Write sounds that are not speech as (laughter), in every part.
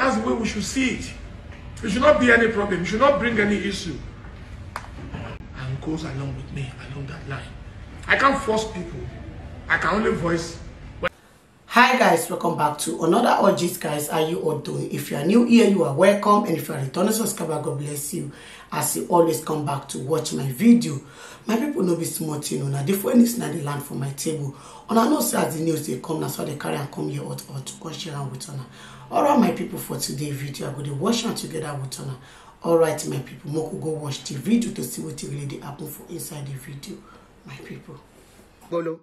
That's the way we should see it. It should not be any problem. It should not bring any issue. And goes along with me, along that line. I can't force people. I can only voice hi guys welcome back to another orgies guys how you all doing if you are new here you are welcome and if you are returning subscriber god bless you as you always come back to watch my video my people no be small thing una the phone is not the land for my table una know say as the news they come na so they carry and come here out hot to come share am with una all right my people for today's video I'm going to watch and together with una all right my people make go watch the video to see wetin really happen for inside the video my people. Bolo.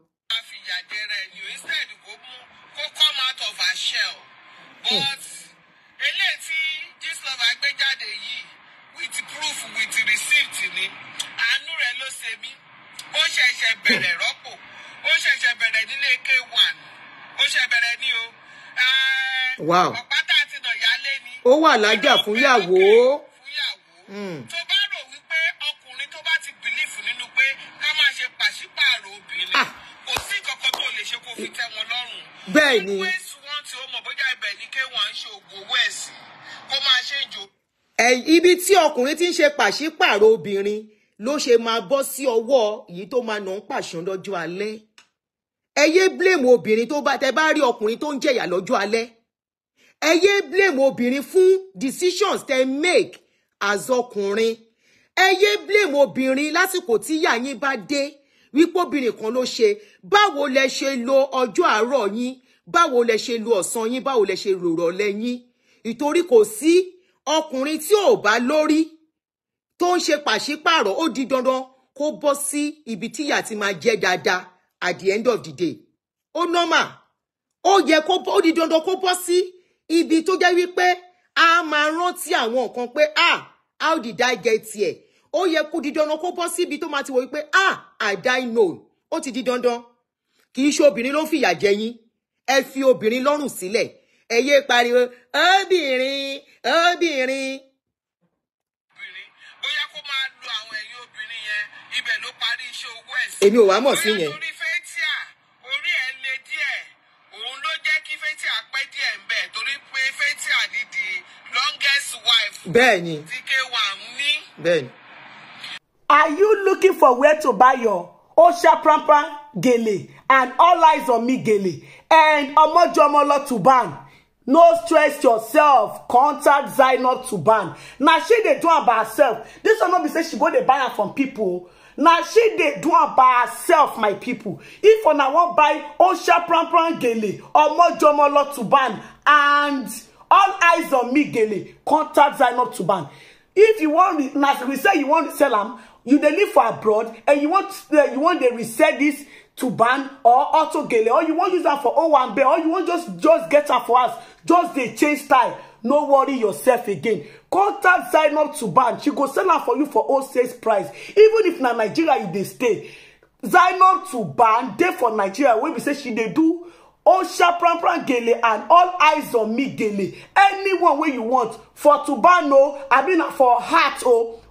but eléyìí tí Gistlover gbé yìí with proof with receipt ni àánú rẹ̀ ló ṣe mí ó ṣẹ̀ṣẹ̀ bẹ̀rẹ̀ (coughs) rọ́pò ó ṣẹ̀ṣẹ̀ bẹ̀rẹ̀ nílé k1 ó ṣẹ̀ bẹ̀rẹ̀ ní o ọ̀pátá àti nàyálé ni ó wà lájà fúnyàwó hmm. tó bá rò wípé ọkùnrin tó bá ti bìlífù nínú pé ká máa ṣe pàṣípààrọ̀ obìnrin ah. kò sí kankan tó lè ṣe kó fi tẹ́ wọn lọ́rùn. bẹ́ẹ̀ ni. ibi tí ọkùnrin ti ń ṣe pàṣípàrọ̀ obìnrin ló ṣe máa bọ́ sí ọwọ́ yìí tó máa nà ń pàṣán lọ́jọ́ alẹ́ ẹ yé blame obìnrin tó bá tẹ bá rí ọkùnrin tó ń jẹ̀yà lọ́jọ́ alẹ́ ẹ yé blame obìnrin fún decisions tẹ make as ọkùnrin ẹ yé blame obìnrin lásìkò tí ìyá yín bá dé wípé obìnrin kan ló ṣe báwo lẹ ṣe lo ọjọ́ àárọ̀ yín báwo lẹ ṣe lo ọ̀sán yín báwo lẹ ṣe lò rọ̀lẹ́ yín ìtorí kò sí ọkùnrin tí ò bá lórí tó ń ṣe pàṣípààrọ̀ ó di dandan kó bọ́ sí ibi tíyà ti máa jẹ́ dáadáa at the end of the day ó nọ́mà ó yẹ kó ó di dandan kó bọ́ sí ibi tó jẹ́ wípé a máa rántí àwọn nǹkan pé ah how did I get here ó yẹ kó di dandan kó bọ́ sí ibi tó máa ti wò wípé ah I die know. ó ti di dandan kì í ṣe obìnrin ló ń fìyà jẹ yín ẹ fi obìnrin lọ́rùn sílẹ̀ ẹ yé pariwo obìnrin obìnrin. bóyá kó máa lo àwọn ẹ̀yìn obìnrin yẹn ibẹ̀ ló parí iṣẹ́ owó ẹ̀sìn. èmi ò wá mọ̀ sí yẹn. orí fẹ́tíà orí ẹ̀ le díẹ̀ òun ló jẹ́ kí fẹ́tíà pẹ́ díẹ̀ ń bẹ̀ torí pé fẹ́tíà ni the longest wife. bẹ́ẹ̀ni tí k ní. bẹ́ẹ̀ni. Are you looking for where to buy your Osha Prampa Gele and All Eyes on Me Gele and Omojomolo Tuban? no stress yourself contact zainab to ban na she dey do am by herself This one no be say she go dey buy am from people. na she dey do am by herself my people. if una wan buy osha pranpran gele omojomolo to ban and all eyes on me gele contact zainab to ban if you wan na we say you wan sell am you dey live for abroad and you wan eh, you wan dey resell this to ban or auto gele or you wan use am for owambe or you wan just just get am for house just dey change style no worry yourself again contact zainab to ban she go sell am for you for wholesale price even if na nigeria you dey stay zainab to ban dey for nigeria wey be say she dey do osha pranpran gele and all eyes on me gele anyone wey you want for to ban o i mean for heart o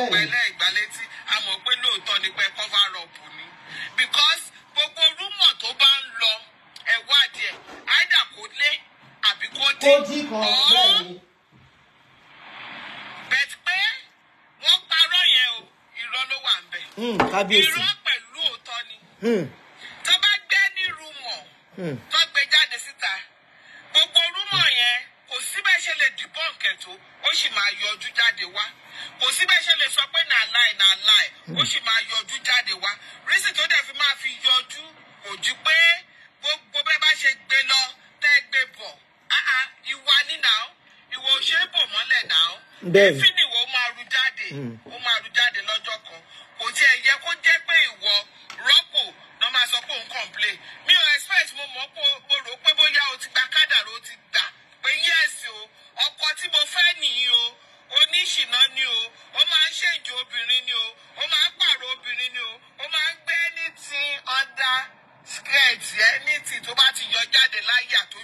gbogbo ẹlẹ́gbàlétí a mọ̀ pé lóòótọ́ ni pé cover up ni because gbogbo rúmọ̀ tó bá ń lọ ẹ wádìí ẹ̀ áìdà kó lé àbí kó dín ọ̀ọ́ bẹ̀t pé wọ́n parọ́ yẹn o irọ́ ló wà ń bẹ̀ hmm, irọ́ pẹ̀lú òótọ́ ni hmm. tó bá gbé ní rúmọ̀ hmm. tó gbé jáde síta gbogbo rúmọ̀ yẹn kò síbẹ̀ ṣe lè dìbọ̀nkẹ̀ tó ó sì máa yọjú jáde wá kò síbẹ̀ ó sì máa yọjú jáde wá rísì tó dẹ̀ fi máa fi yọjú kò ju pé gbogbo bẹ́ẹ̀ bá ṣe gbé lọ tẹ́ gbé bọ̀ ah, ah, ìwà nínà ìwà òṣèbò mọ́lẹ̀ náà. bẹ́ẹ̀ni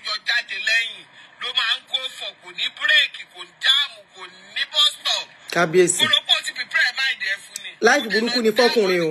jọ jáde lẹ́yìn ló máa ń kó fọ̀ kò ní bírèkì kò ní jáàmù kò ní bọ́sítọ̀. kábíyèsí kólópó ti pípẹ́rẹ́ máìdì fún ni. láìpẹ́ burúkú ni fọkùnrin o.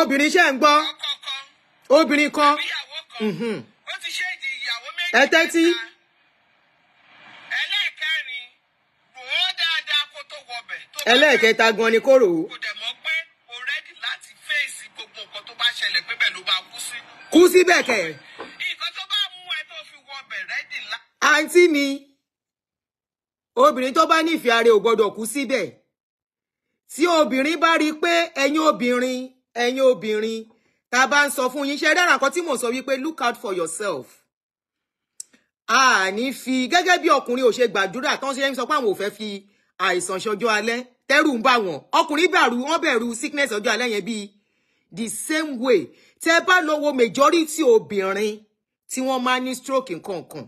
obìnrin ṣe ń gbọ́ obìnrin kan mhm. ẹ tẹ́tí. ẹlẹ́ẹ̀kẹta gan ni kóró. kò dẹ̀ mọ̀ pé o rẹ́dì láti fèsì gbogbo nǹkan tó bá ṣẹlẹ̀ pé bẹ́ẹ̀ ló bá kú sí. kú síbẹ̀ kẹ̀. nǹkan tó àǹtí mi obìnrin tó bá nífẹ̀ẹ́ ara ò gbọ́dọ̀ kú síbẹ̀ tí obìnrin bá rí i pé ẹ̀yin obìnrin ẹ̀yin obìnrin tá a bá ń sọ fún yín ṣe dára nǹkan tí mò ń sọ wípé look out for yourself a ní fi gẹ́gẹ́ bí ọkùnrin ò ṣe gbàdúrà tán ṣe ń sọ pé àwọn ò fẹ́ fi àìsàn ṣọjọ́ alẹ́ tẹ́rù ń bà wọ́n ọkùnrin bẹ̀rù wọ́n bẹ̀rù sickness ọjọ́ alẹ́ yẹn bíi the same way tẹ́ bá lọ wo majority obìnrin tí wọ́n máa ní stroke nǹkan kan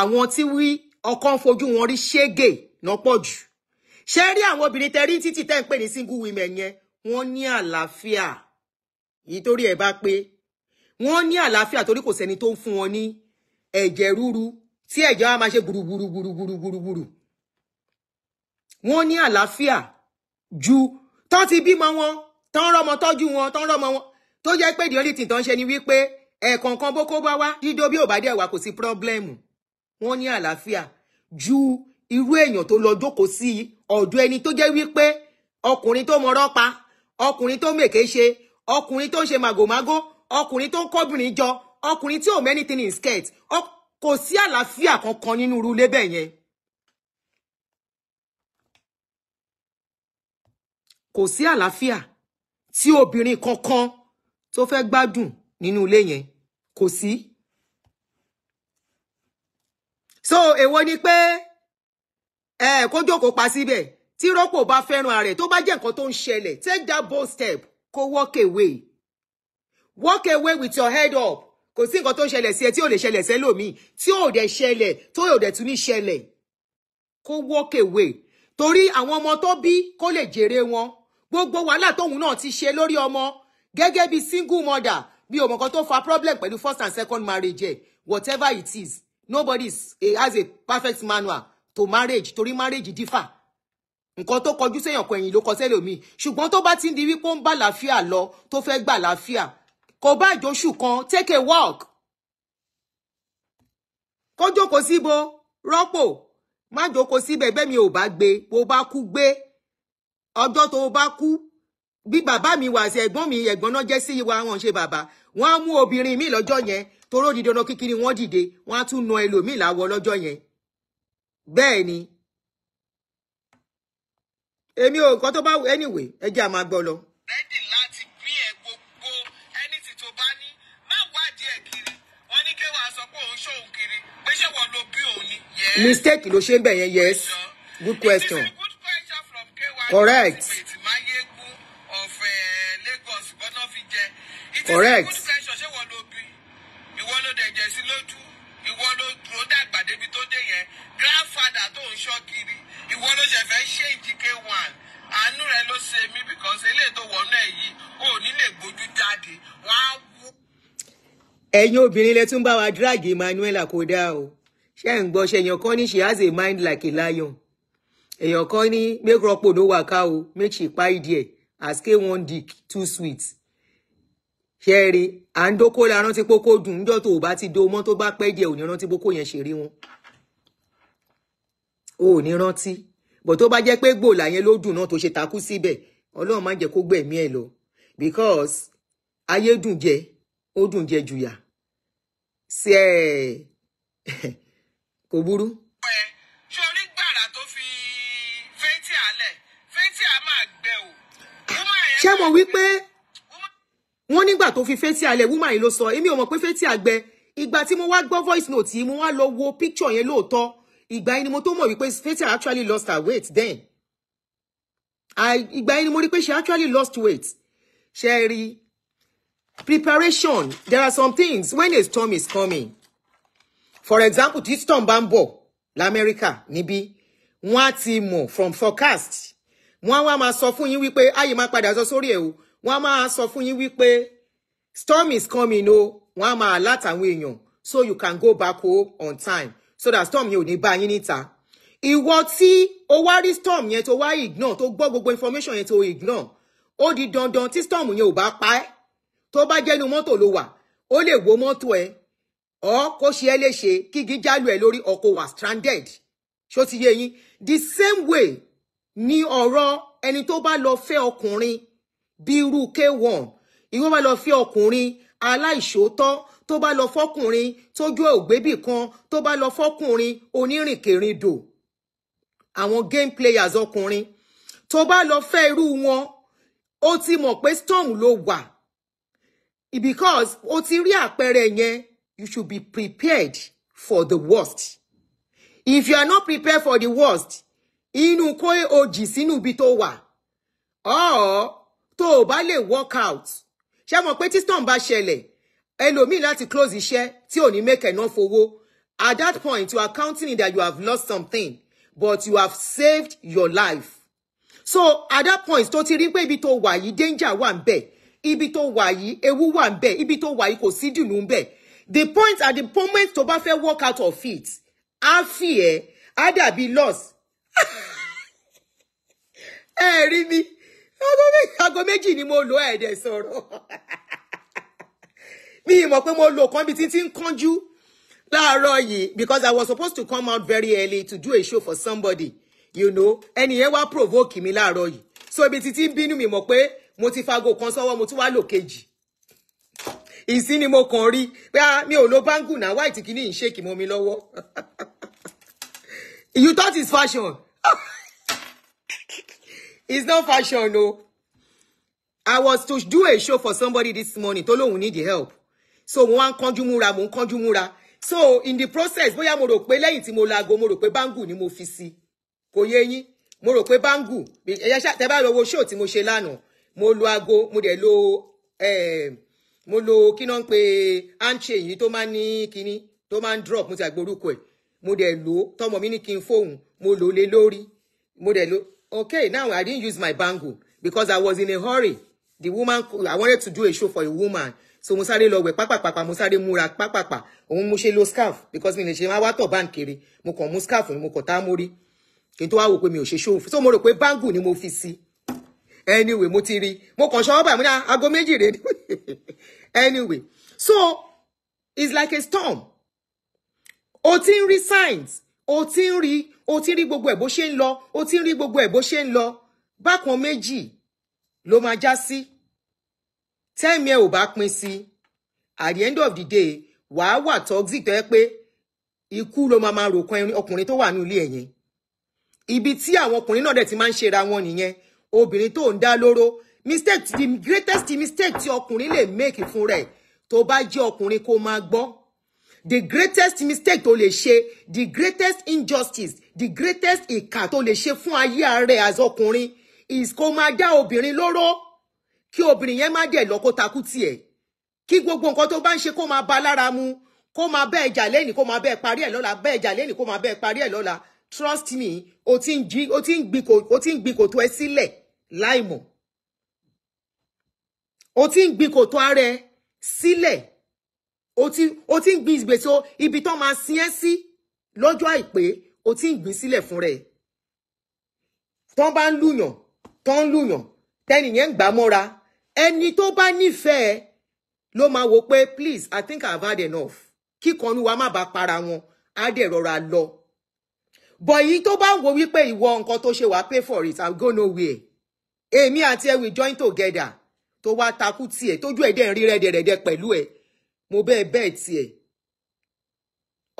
àwọn tí wí ọkàn fojú wọn rí ṣégè náà pọ̀ jù ṣé rí àwọn obìnrin tẹ́ títí tẹ́ ń pè ní single women yẹn wọ́n ní àlàáfíà yìí torí ẹ̀ bá pé wọ́n ní àlàáfíà torí kò sẹ́ni tó ń fún wọn ní ẹ̀jẹ̀ ríru tí ẹ̀jẹ̀ wa máa ṣe gbùrùgbùrùgbùrùgbùrùgbùrù wọ́n ní àlàáfíà ju tán ti bímọ wọn tán rọmọ tọ́jú wọn tán rọmọ wọn tó jẹ́ pé ìdíyọ́lì tí tán ṣe ni wípé ẹ̀ẹ̀kọ̀ọ̀kan bó kó bá wá dídó bí ò bá dẹ̀ wá kò sí pírọ́blẹ́mù wọ́n ní àlàáfíà ju irú èèyàn tó lọ jókòó sí ọ̀dọ̀ ẹni tó jẹ́ wípé ọkùnrin tó mọ̀rọ̀ pa ọkùnrin tó mèké ṣe ọkùnrin tó ń ṣe màgòmágó ọkùnrin tó ń kọ́bìnrin jọ ọkùnrin tí ò mẹ́ni tí ní skirt kò sí àlàáfíà kankan nínú irú ilé bẹ́ẹ̀ yẹn. kò sí àlàáfíà tí obìnrin kankan tó fẹ́ gbádùn nínú ilé yẹn kò sí. so èwo ni pé ẹ kó pa síbẹ̀. Si tí rọ́pò bá fẹ́ràn rẹ̀ tó bá jẹ́ nǹkan tó ń ṣẹlẹ̀ take that bold step go walk away walk away with your head up kò sí nǹkan tó ń ṣẹlẹ̀ sí ẹ tí ò lè ṣẹlẹ̀ sẹ́lòmíì tí ò dẹ̀ ṣẹlẹ̀ tó ò dẹ̀ tún ní ṣẹlẹ̀ kó walk away torí àwọn ọmọ tó bí kó lè jèrè wọn gbogbo wàhálà tóun náà ti ṣe lórí ọmọ gẹ́gẹ́ bí single mother bí ọmọ kan tó fa problem pẹ̀lú first and second marriage whatever it is nobody eh, has a perfect manual to marriage torí marriage differ nǹkan tó kọjú séèyàn kan ẹ̀yìn ló kọ sẹ́lòmíì ṣùgbọ́n tó bá ti ń di wípé ó ń bá làáfíà lọ tó fẹ́ gbà làáfíà kò bá àjọṣù kan take a walk kó jókòó síbo rọ́pò má jókòó síbẹ̀ bẹ́ẹ̀ mi ò bá gbé bó bá kú gbé ọjọ́ tó bá kú bí bàbá mi wà sí ẹ̀gbọ́n mi ẹ̀gbọ́n náà jẹ́ sí wa wọn ṣe bàbá wọn á mú obìnrin mi lọ́jọ́ yẹn toró di dandan kíkiri wọn dìde wọn á tún na ẹlòmíì láwọ lọ́jọ́ yẹn bẹ́ẹ̀ ni èmi ò kọ́ tó bá anyway ẹ jẹ́ gbọ́ lọ. ready láti bí ẹ gbogbo anything tó bá ní má wádìí ẹ kiri wọn ní kéwà sọ pé òun ṣòun kiri pé ṣé wọn ló bí òun ni. mistake ló ṣe ń bẹ̀ yẹn yes good question correct eh, correct grandfather tó ń ṣọ́ kiri ìwọ ló ṣe fẹ́ ṣe ìdíkẹ́ one àánú rẹ ló ṣe mí because eléyìí tó wọnú ẹ yìí ò ní lè gbójú jáde wọn á wú. ẹ̀yin obìnrin lẹ tún bá wa dírágì Emmanuel kò dáa o ṣé ń gbọ́ ṣe èèyàn kan ní she has a mind like a lion èèyàn kan ní make rọpò ló wà ká o make she pie there as k one dick too sweet ṣe é rí à ń dókó la rántí pókó dùn níjọ́ tó o bá ti do mọ́ tó bá pẹ́ díẹ̀ ò ní rántí pókó yẹn ṣe rí wọn o ò ní rántí bọ̀ tó bá jẹ́ pé gbòòlà yẹn ló dùn náà tó ṣe takú síbẹ̀ ọlọ́run má jẹ́ kó gbẹ̀mí ẹ̀ lọ because ayé dùn jẹ ó dùn jẹ jùyà sí ẹ kò burú. ṣé onígbàrà tó fi fẹ́ntì àlẹ̀ fẹ́ntì à máa gbẹ o. ṣé mo wí pé wọ́n nígbà tó fi fẹ́ntì àlẹ̀ wúmà yìí ló sọ èmi ò mọ̀ pé fẹ́ntì àgbẹ̀ ìgbà tí mo wá gbọ́ voice note yìí mo wá lọ wo picture yẹn lóòótọ́ ìgbà yẹn ni mo tó mọ̀ wípé Stacy actually lost her weight then ìgbà yẹn ni mo rí pé she actually lost weight ṣe rí preparation there are some things when a storm is coming for example tí storm bá ń bọ̀ lamẹ́ríkà níbí wọ́n á ti mọ̀ from forecast wọ́n á wá máa sọ fún yín wípé ayé máa padà sọ sórí ẹ̀ o wọ́n á máa sọ fún yín wípé storm is coming o wọ́n á máa alert àwọn èèyàn so you can go back home on time so that storm yẹn ò ní bá yín níta ìwọ tí o wá rí storm yẹn tó wá ignore tó gbọ́ gbogbo information yẹn tó ignore ó di dandan tí storm yẹn ò bá pa ẹ́ tó bá jẹ́nu mọ́tò ló wà ó lè wo mọ́tò ẹ̀ ọ́ kó ṣe ẹ́ léṣe kí igi jálù ẹ̀ lórí ọkọ̀ wà stranded ṣó ti yé yín the same way ni ọ̀rọ̀ ẹni tó bá lọ fẹ́ ọkùnrin bíi irú k1 ìwọ bá lọ fẹ́ ọkùnrin aláìṣòótọ́ tó bá lọ fọkùnrin tójú ẹ ò gbébì kan tó bá lọ fọkùnrin onírìnkèrindò àwọn game players ọkùnrin tó bá lọ fẹ́ irú wọn ó ti mọ̀ pé storm ló wà because ó ti rí àpẹẹrẹ yẹn you should be prepared for the worst if you are not prepared for the worst inú kó ojì sínú ibi tó wà ọ̀ọ́ tó o bá lè work out ṣé mo pé tí storm bá ṣẹlẹ̀ ẹlòmíì láti close iṣẹ́ tí ò ní make enough owó at that point you are counting that you have lost something but you have saved your life so at that point tó ti rí pé ibi tó wà yìí danger wà ń bẹ ibi tó wà yìí ewu wà ń bẹ ibi tó wà yìí kò sí dùnú ń bẹ the point at the moment tó bá fẹ́ work out of it á fì ẹ́ á dàbí loss (laughs) ẹ rí mi aago méjì ni mo lò ẹ̀ẹ́dẹ̀ sọ̀rọ̀. (laughs) mi mọ̀ pé mo lò kan bí tí tí ń kánjú láàárọ̀ because I was supposed to come out very early to do a show for somebody you know ẹni yẹn provoke mi láàárọ̀ yìí so ibi títí Binu mi mọ̀ pé mo ti fago kan sọ́wọ́ mo tún wá lò kejì ìsí ni mo kàn rí pé ah, mi ò lo báńgù náà wáìtì kìíní ń ṣe kì mi lọ́wọ́ (laughs) you thought it's fashion (laughs) it's not fashion o no. I was to do a show for somebody this morning tó lóun need the help so mo wá ń kánjú múra mo ń kánjú múra so in the process bóyá mo rò pé lẹ́yìn tí mo laago mo rò pé báńgù ni mo fi sí kò yé yín mo rò pé báńgù tẹ bá lọ wo show tí mo ṣe lánàá mo lo aago mo dẹ̀ lo mo lo kí náà ń pe handchain yìí tó máa ń ní kinní tó máa ń drop mo ti àgbò orúkọ ẹ̀ mo dẹ̀ lo tọmọ mi ní kí n fóun mo lò lé lórí mo dẹ̀ lo okay now I didn't use my bangu because I was in a hurry the woman I wanted to do a show for a woman so mo sáré lọ wẹ̀ pápápápá mo sáré múra pápápá òun mo ṣe lo scarf because mi lè ṣe máa wá tọ̀ bá ń kiri mo kàn mú scarf mi mo kàn tá a mórí kí n tó wá wò pé mi ò ṣe ṣóun so mo rò pé bangu ni mo fi sí anyway mo ti rí mo kàn ṣọwọ́ bà mí náà aago méjì rè ni (laughs) anyway so it's like a storm o ti ń rí signs o ti ń rí o ti ń rí gbogbo ẹ̀ bó ṣe ń lọ o ti ń rí gbogbo ẹ̀ bó ṣe ń lọ bákan méjì ló máa já sí. Si tẹ́ẹ̀mí ẹ̀ ò bá pin sí at the end of the day wàá wà toxic tó yẹ pé ikú ló máa máa ròkan ọkùnrin tó wà ní ilé ẹ̀ yẹn ibi tí àwọn ọkùnrin náà dẹ̀ ti máa ń ṣera wọn nìyẹn obìnrin tó ń dá lóró mistake the greatest mistake tí ọkùnrin lè make fún rẹ̀ tó bá jẹ́ ọkùnrin kó máa gbọ́ the greatest mistake tó lè ṣe the greatest injustice the greatest ìkà tó lè ṣe fún ayé ààrẹ as is kó máa dá obìnrin lóró kí obìnrin yẹn má dẹ̀ lọ kó takú tiẹ̀ kí gbogbo nǹkan tó bá ń ṣe kó máa ba lára mu kó máa bẹ́ẹ̀ jà lẹ́nìí kó máa bẹ́ẹ̀ parí ẹ̀ lọ́la bẹ́ẹ̀ jà lẹ́nìí kó máa bẹ́ẹ̀ parí ẹ̀ lọ́la trust me o ti ń jí o ti ń gbin kò o ti ń gbin kòtò ẹ sílẹ̀ láìmọ̀ o ti ń gbin kòtò ara ẹ sílẹ̀ o ti ń gbin ìgbèso ibi tó máa sin ẹ́ sí lọ́jọ́ àìpé o ti ń gbin sílẹ̀ fún rẹ̀ tán bá ń lùyàn tán ń lùyàn tẹ́nìyẹn ń gbà mọ́ra ẹni tó bá nífẹ̀ẹ́ ló máa wò pé please i think i have had enough kí kanú wa má bàa para wọn á dẹ̀ rọra lọ bọ̀ yìí tó bá ń wo wípé ìwọ nǹkan tó ṣe wàá pay for it i'm go no nowhere èmi àti ẹ we join together tó wá takú tiẹ̀ tójú ẹ̀ dẹ̀ ń rí rẹ́dẹ̀rẹ́dẹ̀ pẹ̀lú ẹ̀ mo bẹ́ẹ̀ bẹ́ẹ̀ tiẹ̀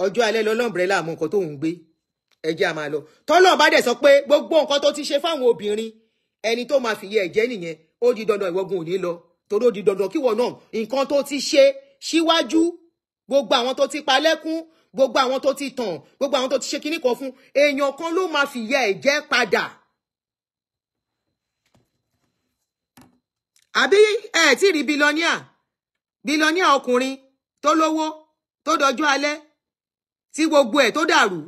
ọjọ́ alẹ́ lọ lọ́mbrẹ́là àmọ́ nǹkan tó ń gbé ẹjẹ́ a máa lọ tọ́lọ́ bá dẹ̀ sọ pé gbogbo nǹkan tó ti ṣe fáwọn obìnrin ẹni tó máa fìyẹ ẹ̀jẹ̀ nìyẹn ó di dandan ìwọ́gun ò lọ torí ó di dandan kíwọ náà nǹkan tó ti ṣe síwájú gbogbo àwọn tó ti palẹ́kún gbogbo àwọn tó ti tàn gbogbo àwọn tó ti ṣe kíní kan fún èèyàn kan ló máa fìyà ẹ̀ jẹ padà. àbí ẹ tí rí bílọ́níà bílọ́níà ọkùnrin tó lówó tó dọjọ́ alẹ́ tí gbogbo ẹ̀ tó dàrú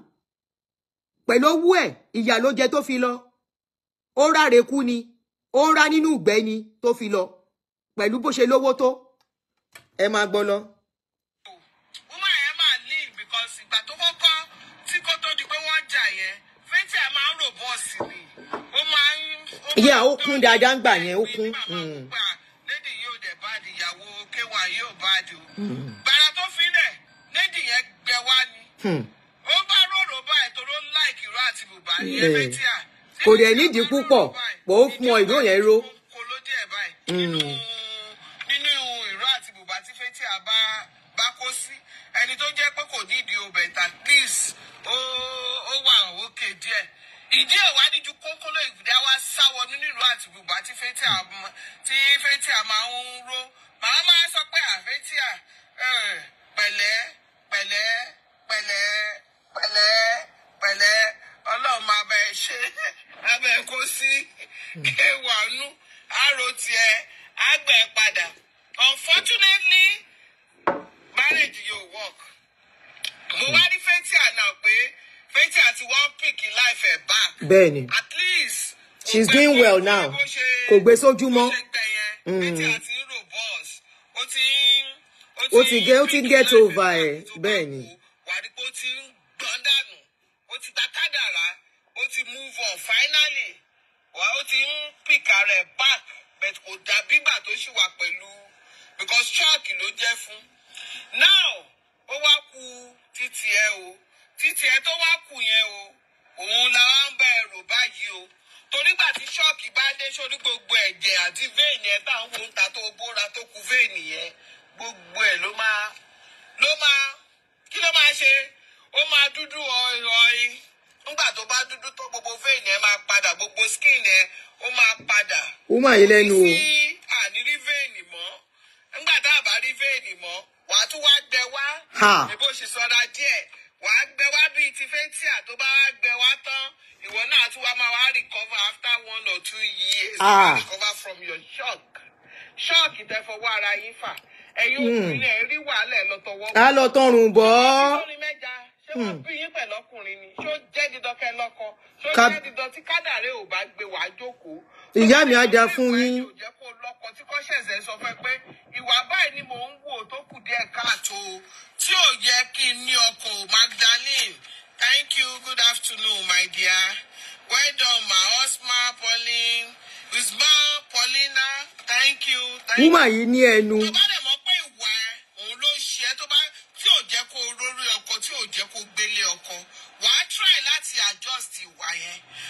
pẹ̀lú owó ẹ̀ ìyà ló jẹ tó fi lọ ó ráre kú ni ó ń ra nínú ìgbẹ́ ni tó fi lọ pẹ̀lú bó ṣe lówó tó ẹ máa gbọ́ lọ. woman yẹn máa leave because ìgbà tó kọ́kọ́ tí kò tó di pé wọ́n jà yẹn fẹ́ntì ẹ̀ máa ń rò bọ́ọ̀sì ni ó máa ń. ìyá ó kún dáadáa ń gbà yẹn ó kún. Hmm. Ah, lady yóò dẹ̀ báàdì ìyàwó kéwà yóò báàdì o. Hmm. gbàrà tó fi lẹ̀ lady yẹn gbẹ wá ni. Hmm. ó bá rọ̀rọ̀ báyìí tó ló ń láìkì rọ àti bùbá yẹn fẹ́ntì à. kò dẹ̀ nídìí púpọ̀ pọ̀ ó pọn ìró yẹn ró. Mm. nínú ìró àti bùbá tí fẹ́tí àbá bá kó sí ẹni tó jẹ́ pé kò nídìí obẹ̀ at ó wà òkè díẹ̀ ìdí ẹ̀wá níjú kókóló ìgbìdá wa sáwọ nínú ìró àti bùbá tí fẹ́tí àmà ń ró màá máa sọ pé àfẹ́tí à pẹ̀lẹ́ pẹ̀lẹ́ pẹ̀lẹ́ pẹ̀lẹ́ pẹ̀lẹ́ ọlọ́run máa bá ẹ ṣe. (laughs) abẹ kó sí kéwà hmm. nú àrò àgbẹ padà unfortunately marriage yóò work mo wá rí fatia náà pé fatia ti wá pick life ẹ back bẹ́ẹ̀ni at least she's doing well now kò gbé sójú mọ́ hmm. ó ti get over ẹ bẹ́ẹ̀ni. finally wà ó ti ń pìkà rẹ̀ back but kò dàbí gbà tó ṣì wà pẹ̀lú because shock ló jẹ́ fún now ó wá kù títí ẹ o títí ẹ tó wá kù yẹn o òun e la wá ń bá ẹrù báyìí o torígbà tí ṣọ́ọ̀kì bá dé sórí gbogbo ẹ̀jẹ̀ àti vein yẹn tá à ń wo ta tó bóra tó ku vein yẹn gbogbo ẹ̀ e ló máa ló máa kí ló máa ṣe ó máa dúdú ọ̀ọ́yìn nígbà tó bá dúdú tó gbogbo vein ẹ máa padà gbogbo skin ẹ ó máa padà. ó mà yín lẹ́nu o. sí ànírí vein mọ́ nígbà tá a bá rí vein mọ́ wàá tún wá gbẹ wá. ìbò sì sọra díẹ̀ wàá gbẹ wá bíi ti fẹ́tíà tó bá wá gbẹ wá tán ìwọ náà tún wá máa wá recover after one or two years. Ah. recover from your shock shock ìtẹ́fọwọ́ ara yín fà ẹ̀yin òkú hmm. ilẹ̀ rí wàhálà ẹ̀ lọ́tọ̀wọ́. a lọ tọrùn bọ́ ṣé wọ́n hmm. bí yín pẹ̀lú ọkùnrin ni ṣó jẹ́ dídán kẹ́ lọ́kọ ṣó jẹ́ dídán tí kádàrẹ́ ò bá gbé wàá jókòó. ìyá mi á fún yín. ìwà ìjẹ́ kó lọ́kọ tí kò sọ fẹ́ pé ìwà báyìí ni mò ń wò tó kù díẹ̀ káàtó tí ò yẹ kí n ní ọkọ Magdalene thank you good afternoon my dear well done my husband Pauline Wisma Paulina thank you. wúmà yìí ní ẹnu. tó bá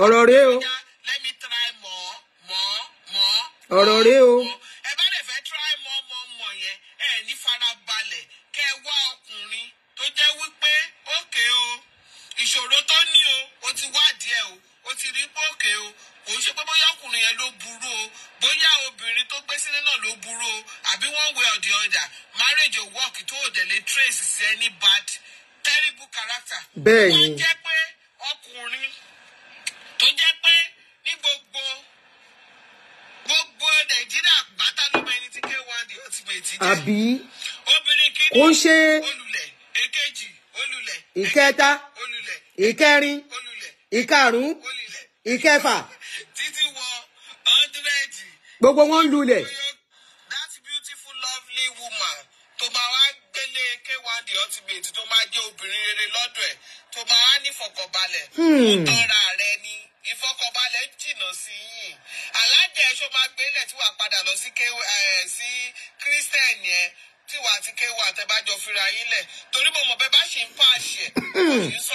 ọ̀rọ̀ rẹ o ọ̀rọ̀ rẹ o. ìṣòro tó ní o ó ti wádìí ẹ o ó ti rí pé o kò ń ṣe pé bóyá ọkùnrin yẹn ló burú o bóyá obìnrin tó gbé sílé náà ló burú o àbí one way or the marriage ò work tó ò dẹ̀ lè trace sí any bad terrible character. bẹ́ẹ̀ni àbí kò ń ṣe ìkẹta ìkẹrin ìkarùn-ún ìkẹfà gbogbo wọn lulẹ̀. àtẹ̀bájọ fira yín lẹ̀ torí mo bẹ́ẹ̀ bá ṣì ń pàṣẹ. (clears throat)